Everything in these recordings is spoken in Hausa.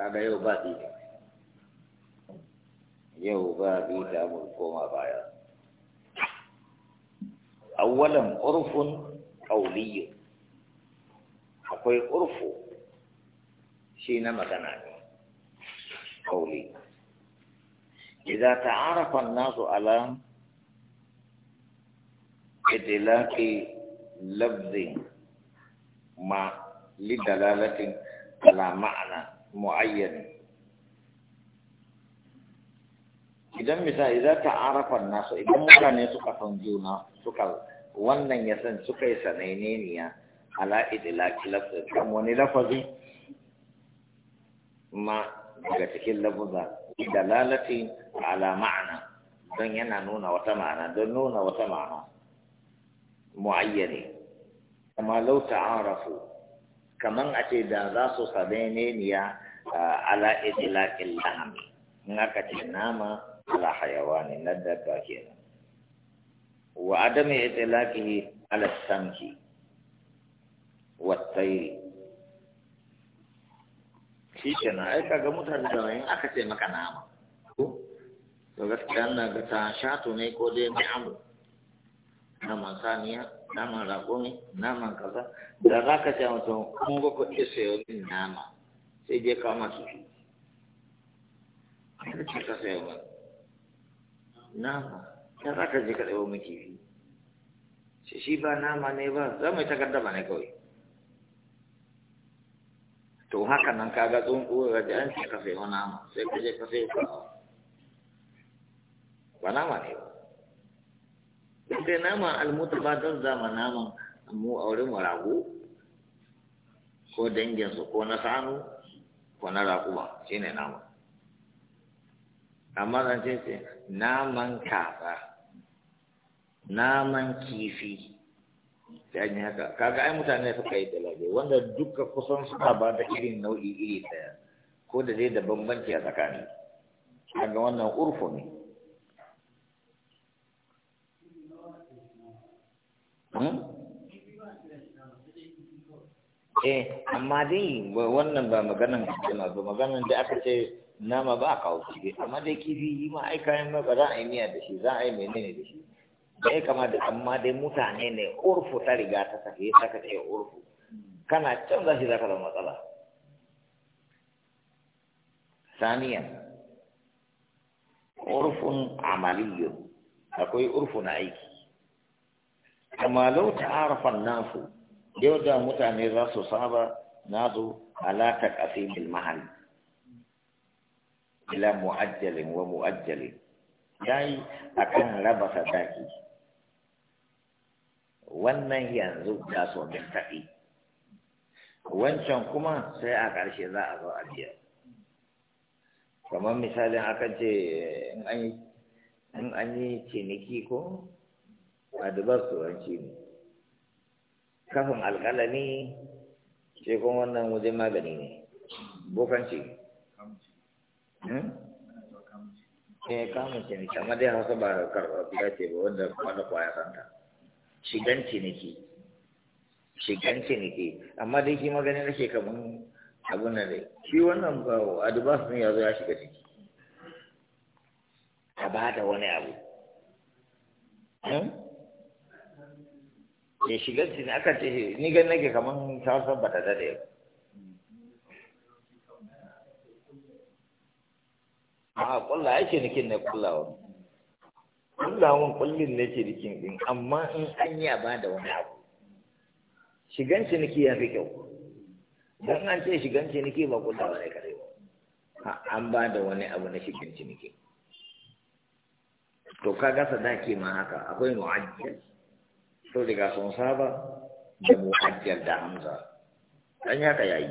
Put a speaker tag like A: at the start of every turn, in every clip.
A: kaga yau ba bita yau ba bita mun koma baya awwalan urfun qawliyyu akwai urfu shi na magana ne qawli idza ta'arafa an-nasu ala idlaqi lafzi ma lidalalati ala ma'na معين idan misali za ta arafa nasu idan mutane suka san juna wannan ya san suka yi ya, ala idilaki lafazin kan wani lafazi ma daga cikin lafaza dalalati ala ma'ana don yana nuna wata ma'ana don nuna wata ma'ana muayyane kama lau ta'arafu kaman a ce da za su sanainiya ala itlaqil laham ngaka ce nama ala hayawani na bakir wa adami itlaqihi ala samki wa tayri shi eh, kenan ai ga mutane da wayan eh. aka ce maka nama ko to gaskiya na ga ta shato ne ko dai mai amu naman saniya naman rago ne naman kaza da za ka ce mutum kun ko ko sayo min nama sai je kama ka ce ka ba nama ta je ka ɗaya mai ka ga tsuntsuwa ka sayo nama je ka sayo kawo nama ne ba sai nama almutu ba zama naman mu a wurin rago ko danginsu ko na sanu ko na raƙuma nama amma zan ce ce naman kaza naman kifi da yi haka kaga ai mutane ka yi dalabe wanda duka kusan suna ba da irin nau'i iri daya ko da zai da bambanci a tsakani kaga wannan urfu ne hmm? eh amma dai wannan ba maganan kima ba maganan da aka ce nama ba a kawo shi amma dai kifi yi ma ai kayan ba za a yi miya da shi za a yi menene da shi da ya kama da amma dai mutane ne urfu ta riga ta sake ya saka ce urfu kana can za shi za ka zama matsala saniya urfun amaliyyu akwai urfu na aiki kama lau ta arafan nasu yau da mutane za su saba na zo ala ƙasimin mahal ila mu'ajjalin wa mu'ajjalin Ya a akan raba sadaki wannan yanzu da so bin tafi wancan kuma sai a ƙarshe za a zo a biya kamar misalin aka ce in an yi ciniki ko a dubar turanci ne kafin alƙalami sai kuma wannan wajen magani ne bokanci hmm? eh kamunci ne kamar dai hausa ba karɓa ce ba wanda kwada kwaya santa ke shiganci ne ke amma dai shi maganin na kamun abun nan dai shi wannan ba adubas ne ya zo ya shiga ciki a ba da wani abu hmm? ya shiga cikin aka ce ni gan nake kaman sarsan ba ta dade ba a kulla ake nake ne kullawa kullawa kullin ne ce nikin din amma in an yi ba da wani abu shigan ciniki ya fi kyau don an ce shigan ciniki ba kullawa ne kare ba an ba da wani abu na shigan ciniki to kaga sadaki ma haka akwai mu'ajjal to daga sun saba da mu'ajjal da hamza dan ka yayi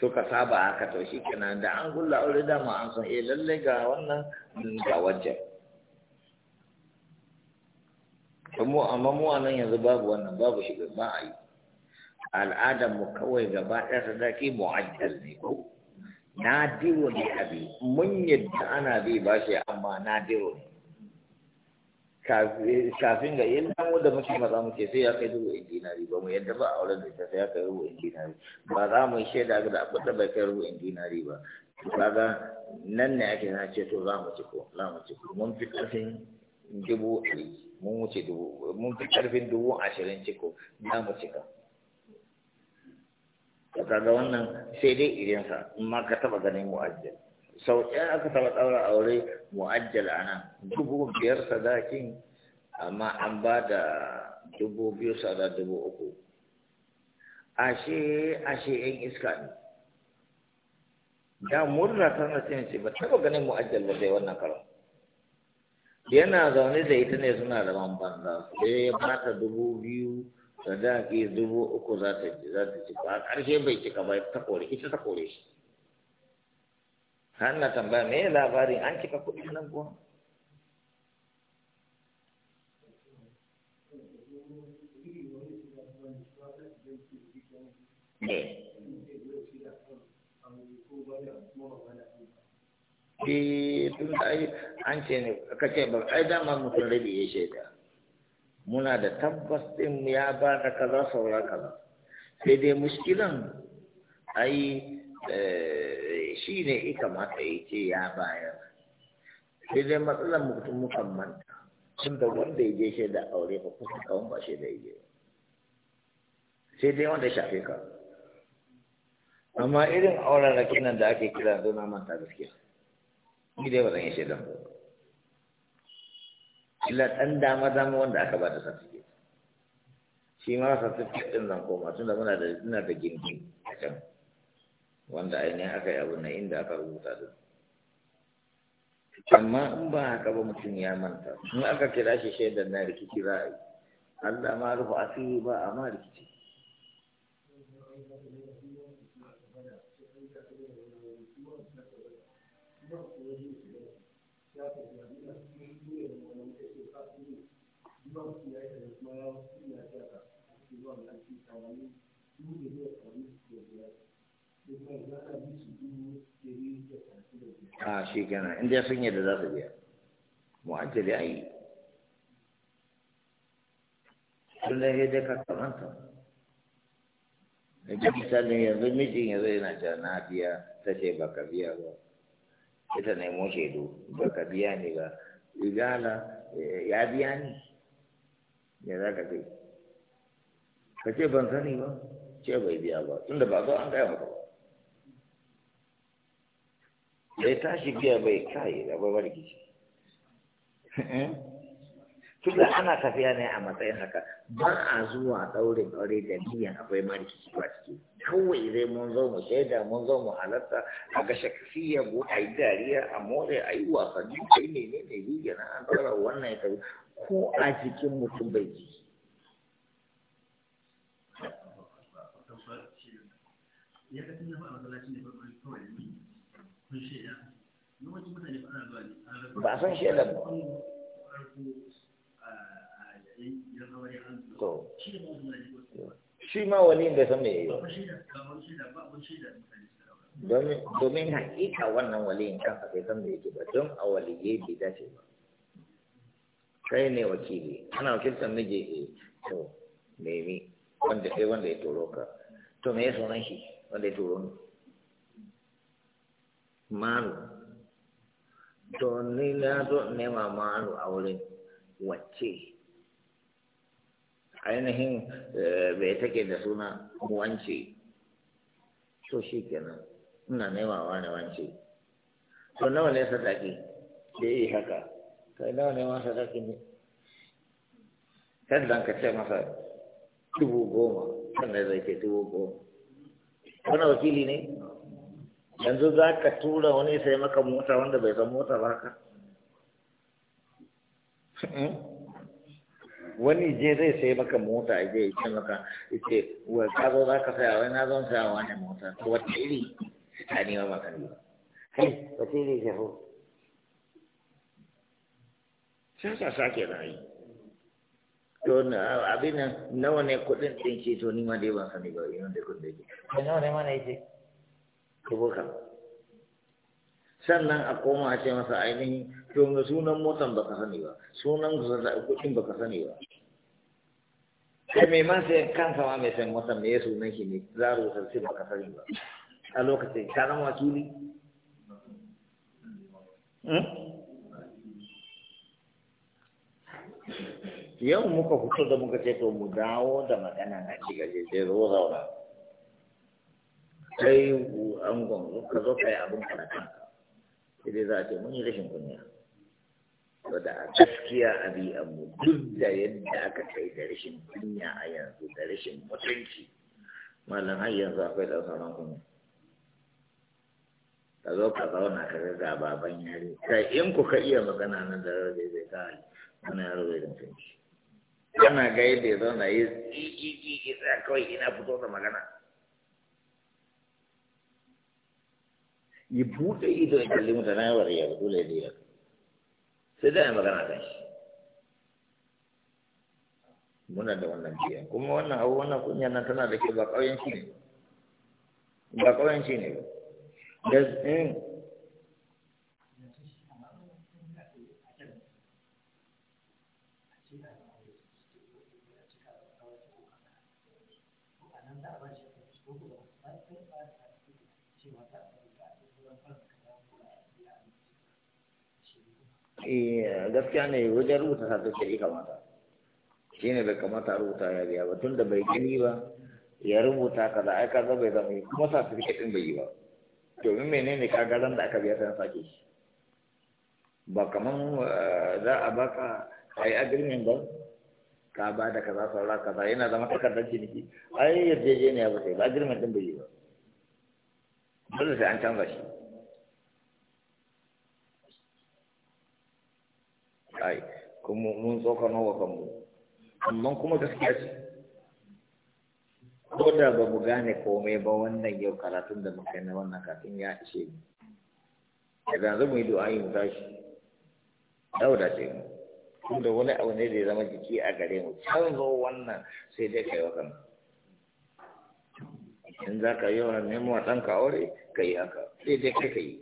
A: suka saba aka to shi kenan da an gulla aure dama an san eh lalle ga wannan ga wajen mu amma mu nan yanzu babu wannan babu shi ba a yi al'adar mu kawai gaba ɗaya sadaki mu'ajjal ne ko na diro ne abi mun yadda ana bi shi amma na diro ne kafin ga yin damu da muke maza muke sai ya kai dubu in dinari ba mu yadda ba a wurin da ta sai ya kai rubu in dinari ba za mu yi shaida ga abin da bai kai rubu in dinari ba kaga nan ne ake na ce to za mu ci ko za mu ci mun fi karfin dubu ɗari mun wuce dubu mun fi karfin dubu ashirin ciko za mu cika kaga wannan sai dai irinsa in ma ka taɓa ganin mu'ajjal sau ɗaya aka taɓa ɗaura aure mu'ajjal a nan dubu biyar sadakin amma an ba da dubu biyu sada dubu uku ashe ashe yan iska ne da murna na cin ce ba taɓa ganin mu'ajjal ba zai wannan karo yana zaune da ita ne suna da banza sai ya ba ta dubu biyu sadaki dubu uku za ta ci ba ƙarshe bai cika ba ta kore ita ta kore shi Hanna na tambaya me labarin an cika kuɗi nan kuwa Eh,
B: tun da an ce
A: ne, ce ba, ai dama mutum rabi ya shaida. muna da tabbas ɗin ya ba da kaza saura kaza sai dai muskilan ai Eh, shi ne ika mata ya ce ya bayar sai dai matsalar mutum mukan manta tun da wanda ya je shi da aure ba kusa kawon ba da ya je sai dai wanda ya shafe ka amma irin auren rakin nan da ake kira na manta gaskiya ni dai ba zan yi shaidan ba illa ɗan dama dama wanda aka ba da certificate shi ma certificate ɗin zan koma tun da muna da ina da a can wanda ainihin aka yi abu na inda aka rubuta da amma in ba haka ba mutum ya manta in aka kira shi shaidar na rikici za a yi Allah ma rufe asiri ba a ma rikici Thank you. a ah, shi kenan inda sun yadda za su biya mu'ajjali a yi tun da ya dai ka kamanta da misalin yanzu mijin yanzu yana da na biya ta ce ba ka biya ba ita nemo shaidu ba ka biya ne ba igala eh, ya biya ne ya za ka kai ka ce ban sani ba ce bai biya ba tunda ba zo an gaya maka ba da ya tashi biya bai kai da bai bari kici eh? tunda ana tafiya ne a matsayin haka ba a zuwa ɗaurin aure da biyan akwai kici ba ciki kawai zai mun zo mu shaida mun zo mu halatta a ga shakfiya ko a yi dariya a more a yi wasanni a yi mene ne biya na an tsara wannan ya ko a jikin mutum bai ji ya kasance ba a masallaci ne ba kawai ba a san shaidar ba to shi ma wani da san mai yi ba domin hakika wannan waliyin kan bai san mai yake ba don a waliyai bai dace ba kai ne wakili ana wakiltar miji ne eh, to nemi wanda sai eh, wanda ya turo ka to me ya sunan shi wanda ya turo ni malu to ni na zo ma malu a wurin wacce ainihin bai eh, take da suna wance to shi kenan ina nema wa ne wance to nawa ne sadaki da yi haka kai nawa ne ma sadaki ne kan ka ce masa dubu goma da zai ce dubu goma wani wakili ne yanzu za ka tura wani sai maka mota wanda bai san mota ba ka hmm? wani je zai sai maka mota ya zai ce maka ya ce wa ka zo za ka saya wani na zon saya wani mota to wata iri a nema maka ne kai wata iri ke ho sai sa sake rayu to abin nan nawa ne kudin din ce to ni ma dai ban sani ba yana da kudin da ke nawa ne ma na yake kubuka sannan a koma a ce masa ainihin to ga sunan motan baka sani ba sunan kuɗin baka sani ba sai mai man sai kansa ma mai san motan mai sunan shi ne za a rusa sai baka sani ba a lokacin ka zama wakili hmm? yau muka fito da muka ce to mu dawo da magana na ci gaje sai zo zauna kai angon ka zo kai abin ka da kanka sai dai za a ce mun yi rashin kunya to da a gaskiya a bi mu duk da yadda aka kai da rashin kunya a yanzu da rashin mutunci malam har yanzu akwai da sauran kunya ka zo ka zauna ka ga baban yare kai in ku ka iya magana nan da rarrabe zai hali. wani yaro zai mutunci kana ga yadda ya zauna ya tsiki tsiki tsaya kawai ina fito da magana ya buɗe ido ya kalli mutane ya wariya ba dole da ya sai da magana da shi muna da wannan biya kuma wannan abu wannan kunya nan tana da kyau ba ƙauyen shi ne ba ƙauyen ne da in Thank you. Eh, gaskiya ne wajen rubuta sadukar ya kamata shi ne bai kamata rubuta ya biya ba tun da bai gani ba ya rubuta ka da aika zaba ya zama kuma su ɗin bai yi ba domin menene kagaran da aka biya ta sake shi ba kaman eh, za a baka a yi agreement ba ka ba da kaza saura kaza yana zama takardar ciniki ai yarjejeniya ba sai ba agreement ɗin bai yi ba dole sai an canza shi kai kuma mun tsokano wa kanmu amma kuma gaskiya ce ko da ba mu gane komai ba wannan yau karatun da muka yi na wannan kafin ya ishe mu daga yanzu mu yi du'a mu tashi yau da ce mu tunda wani abu ne da ya zama jiki a gare mu can zo wannan sai dai kai wa kanmu in za ka yi wa nemo ɗan ɗanka aure ka yi haka sai dai kai ka yi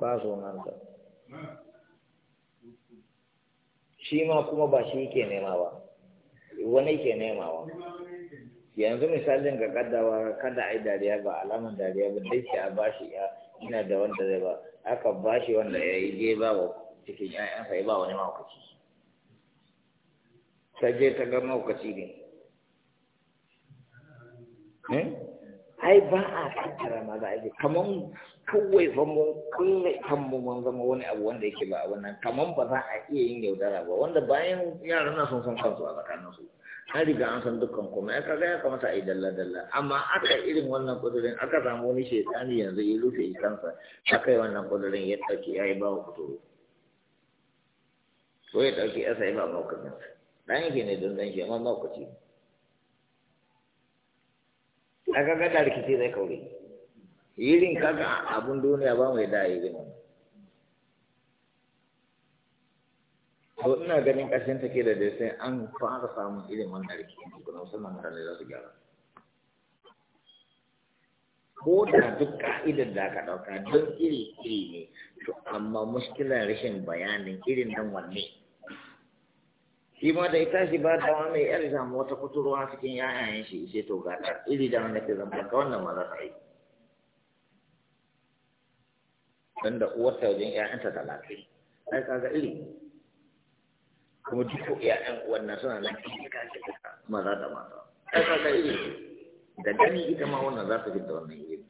A: ba shi ma kuma ba shi ke nema ba wani ke nema ba yanzu misalin ga kaddawa kada a yi dariya ba alaman dariya ba dai ke a ba shi ya ina da wanda zai ba aka ba shi wanda ya yi je ba wa cikin 'ya'yansa, ya ba wani mahaukaci ta je ta ga mahaukaci ne eh? ai ba a tattara ma za a je kamar kawai zama kulle kanmu mun zama wani abu wanda yake ba a wannan kamar ba za a iya yin yaudara ba wanda bayan yaran na sun san kansu a su. an riga an san dukkan kuma ya kaga ya kamata a yi dalla-dalla amma aka irin wannan kudurin aka samu wani shekani yanzu ya rufe kansa aka yi wannan kudurin ya ɗauki ya yi ba wa kuturu ko ya ɗauki ya sai ba maukacin ɗan yake ne don zan shi amma maukaci aka ga da rikici zai kaure yirin kaga abun duniya ba mai da irin wannan to ina ganin ƙarshen ke da dai sai an fara samun irin wannan rikici na musamman mutane za su gyara ko da duk ka'idar da aka ɗauka don iri iri ne to amma muskilar rashin bayanin irin nan wanne shi ma da ita shi ba da wani yar samu wata kuturwa cikin yayayen shi sai to ga ta iri da wanda ke zama ka wannan ma za ta yi dan da uwarta wajen 'ya'yanta talatin ai kaga iri ne kuma duk ƴaƴan wannan suna nan kika kika maza da mata ai ka ga irin da gani ita ma wannan za ta fita wannan irin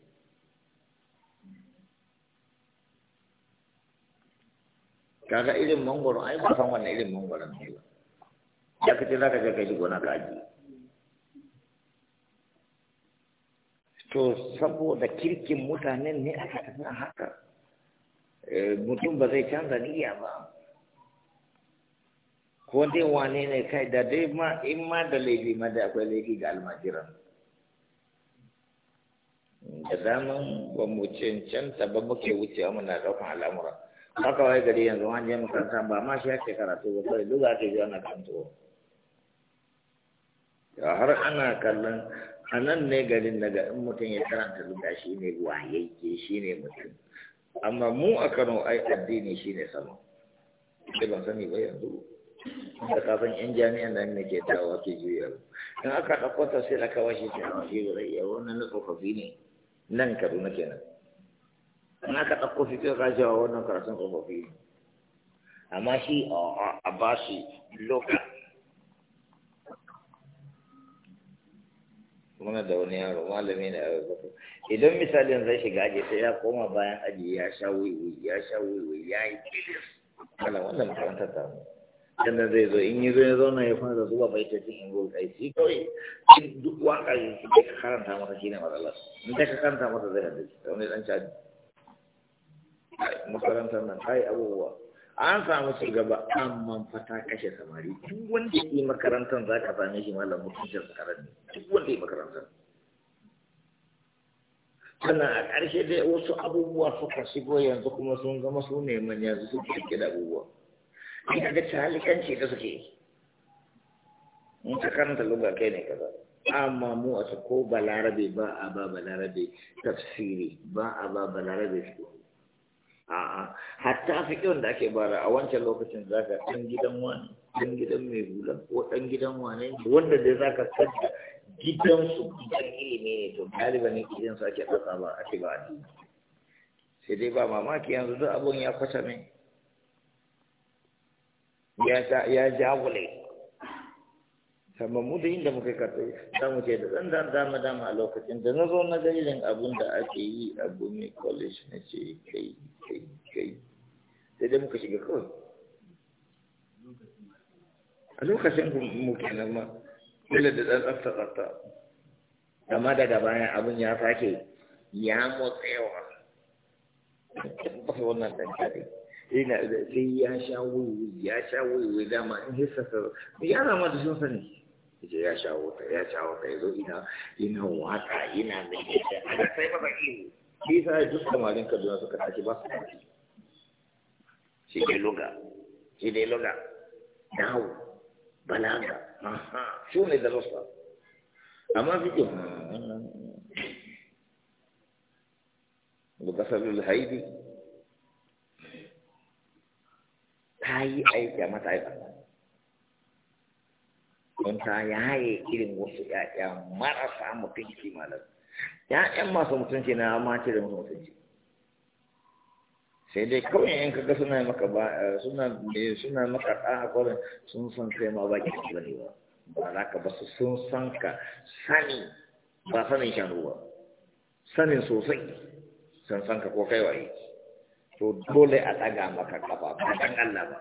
A: kaga irin mangoro ai ba san wannan irin mangoro ne ba ya kace za ka je ka ji gona ka aji to saboda kirkin mutanen ne aka tafi haka eh, mutum ba zai canza niyya ba ko dai wane ne kai da dai ma in ma da laifi ma da akwai laifi ga almajiran da daman ba mu cancanta ba muke wucewa muna ɗaukan al'amura haka wai gari yanzu an je makaranta ba ma shi ake karatu ba kawai duk ake zuwa na kanto har ana kallon a nan ne garin daga in mutum ya karanta luga shi ne wayayye shi ne mutum amma mu a kano ai addini shi ne sama sai ban sani ba yanzu da yan jami'an da ne ke dawowa ke juya in aka ɗauko ta sai aka washe shi a washe da zai iya wannan na tsofaffi ne nan na kenan in aka ɗauko fi kai kashewa wannan karatun tsofaffi ne amma shi a ba shi loka muna da wani yaro malami ne a yanzu idan misalin zai shiga aji sai ya koma bayan aji ya sha wuyi ya sha wuyi ya yi kilis kala wannan makarantar ta mu yadda zai zo in yi zo ya zauna ya fara zuwa baitocin ingol kai shi kawai in duk waka yin shi ka karanta masa shi ne matsalar in ka karanta masa zai hada shi ta wani dan caji makarantar nan ta yi abubuwa an samu su gaba an man fata kashe samari duk wanda yi makarantar za ka same shi malam mutuncin sakarar karanta duk wanda yi makarantar Kana a ƙarshe dai wasu abubuwa suka shigo yanzu kuma sun zama su ne manya su suke kira abubuwa ina da talikanci da suke yi in karanta lunga kai ne kaza amma mu a ko balarabe ba a ba balarabe tafsiri ba a ba balarabe su a'a hatta fikin da ake bara a wancan lokacin zaka ɗan gidan wani ɗan gidan mai bula, ko ɗan gidan wani wanda zai zaka kanta gidansu gidan ilimi ne to galiba ne gidan su ake ɗauka ba ake ba sai dai ba mamaki yanzu duk abun ya kwata mai ya ja wule mu da inda muka karto za mu ce da ɗan da dama dama a lokacin da na zo na ga irin abun da ake yi a gumi college na ce kai kai kai sai dai muka shiga kawai a lokacin mu kenan ma dole da ɗan tsafta tsafta amma daga baya abun ya sake ya motsewa ba wannan ɗan ina sai ya sha wuyi ya sha wuyi dama in hissa ka ya zama da sun sani yace ya sha wuta ya sha wuta yazo ina ina waka ina mai da sai ba baki shi sa duk kamarin kaduna suka tashi ba su shi dai loga? shi dai luga dawo balaga su ne darussa amma fikin hmm, hmm, hmm, bukasar lulhaidi ta yi aiki a matsayin don ta yi irin wasu ‘ya'ya marasa mutunci malam ‘ya'yan masu mutunci na ma da musu mutunci sai dai kawai ‘yan kaga suna maka ba suna suna maka ɗan kwarin sun san kai ma ba ki ba ne ba ba za ka ba su sun san ka sani ba sanin shan ruwa sanin sosai sun san ka ko kai waye to dole a ɗaga maka kafa ba dan Allah ba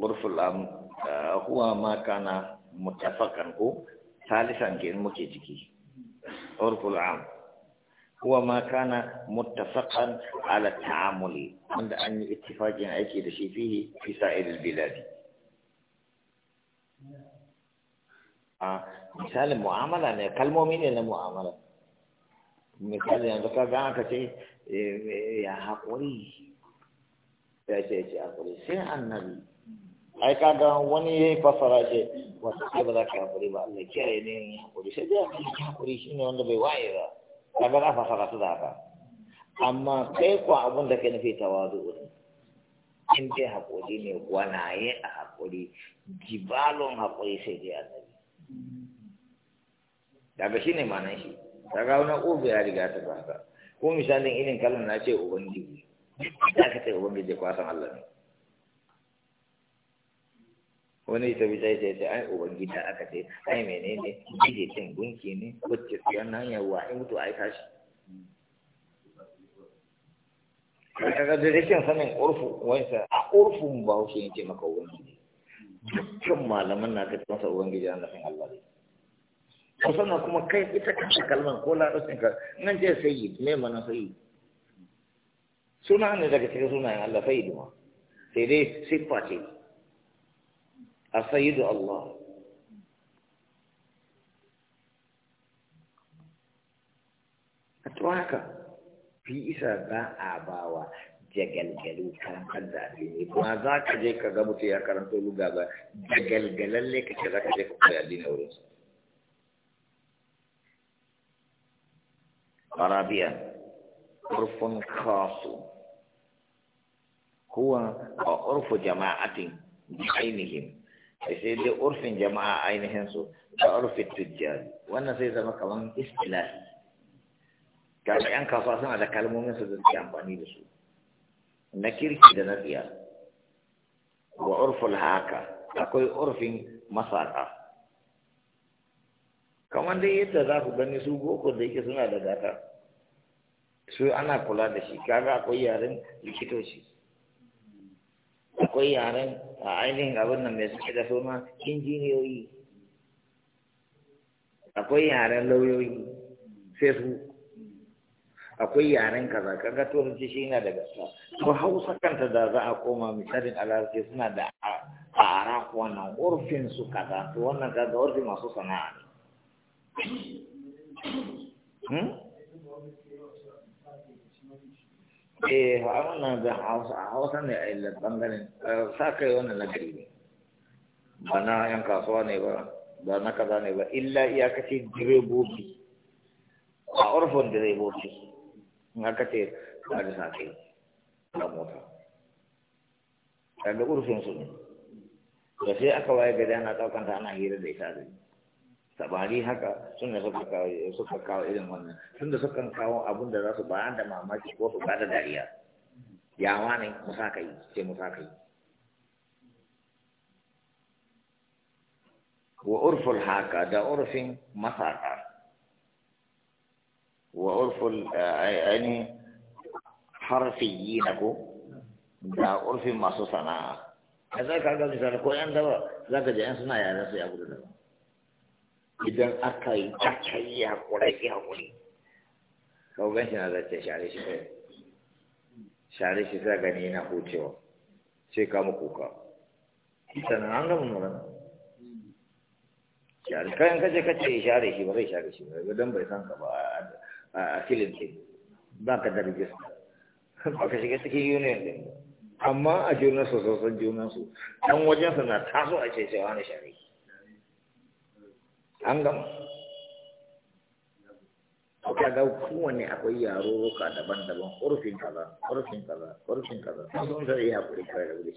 A: murful uh, huwa ma kana mutafakan ko salisan ke muke ciki murful huwa ma kana mutafakan ala ta'amuli wanda an yi ittifaqin aiki da shi fihi fi sa'iril biladi a misalin mu'amala ne kalmomi ne na mu'amala misali yanzu ka ga aka ce eh, ya haƙuri ya ce ce haƙuri sai annabi ai ka kaga wani ya yi fasara ce wata ce ba za ka haƙuri ba Allah kiyaye ne yin haƙuri sai dai aka yi haƙuri shi ne wanda bai waye ba kaga za fasara su da haka amma kai kuwa abin da ka nufi tawazu ne in dai haƙuri ne gwanaye a haƙuri jibalon haƙuri sai dai Allah daga shi ne manan shi daga wani obi ya riga ta kwasa ko misalin irin kalan na ce ubangiji da ka ce ubangiji kwasan Allah ne wani ita bi sai sai ai ubangiji aka ce ai menene ije cin gunki ne wacce yan nan ya wa in mutu ai shi. kaga da rikin sanin urfu wani sa a urfun ba shi yake maka ubangiji dukkan malaman na ka masa ubangiji na nufin Allah ne na kuma kai ita kanta kalman ko larabcin ka nan je sayyid me mana sayyid suna ne daga cikin sunayen Allah sayyid ma sai dai siffa ce a sayyidu Allah to haka fi isa ba a bawa jagalgalu karantar da addini ba za ka je ka ga mutum ya karanto luga ba jagalgalan ka ce za ka je ka koya addini wurin su Arabiya urfun kasu. kuwa a urfu jama'atin ainihin sai dai urfin jama'a ainihin su da urfin tujjar, wannan sai zama kamar istilahi ga 'yan kasuwa suna da kalmomin su da suke amfani da su na kirki da na tsiya wa urful haka akwai urfin masaka kamar dai yadda za ku gani su goko da yake suna da gata su ana kula da shi kaga akwai yaren likitoci akwai yaren a ainihin abin nan mai suke da suna injiniyoyi akwai yaren lauyoyi sai su akwai yaren kaza kaga turanci shi yana da gaskiya to hausa kanta da za a koma misalin alarce suna da ara wannan urfin su kaza to wannan kaga urfin masu sana'a ne hmm? eh a wannan da hausa a hausa ne a illar bangaren sa kai wannan nagari ne ba na yan kasuwa ne ba ba na kaza ne ba illa iyakacin direbobi a urfin direbobi ngaka te na a da na a mota daga urfin su ne da sai aka waye dana ta kan ta ana hira da ita zai bari haka sun da suka kawo irin wannan sun da suka kawo abun da za su ba da mamaki ko su ba da dariya yawa ne musakai sai yi. wa urful haka da urfin masaka Wa وعرف yi na ko da urfin masu sana'a a za kaga misali ko yan daba? za ka ji yan suna yare su ya gudu da idan aka yi aka yi hakuri ya hakuri kawo gan shi na zace share shi kai share shi za gani yana hucewa sai kama ka. sannan an gama magana share kayan kace kace share shi ba zai share shi ba don bai san ka ba a filin ɗin ba ka da rijista ba ka shiga cikin union ɗin amma a junansu su san junansu ɗan wajensu na taso a ce cewa na shari an gama ka ga kowane akwai yaro ka daban-daban ƙorfin kaza ƙorfin kaza ƙorfin kaza sun sun zai iya haƙuri kare da wuri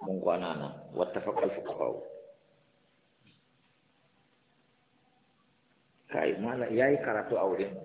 A: mun kwana nan wata faƙal fuka fawo kai mala yayi karatu a wurin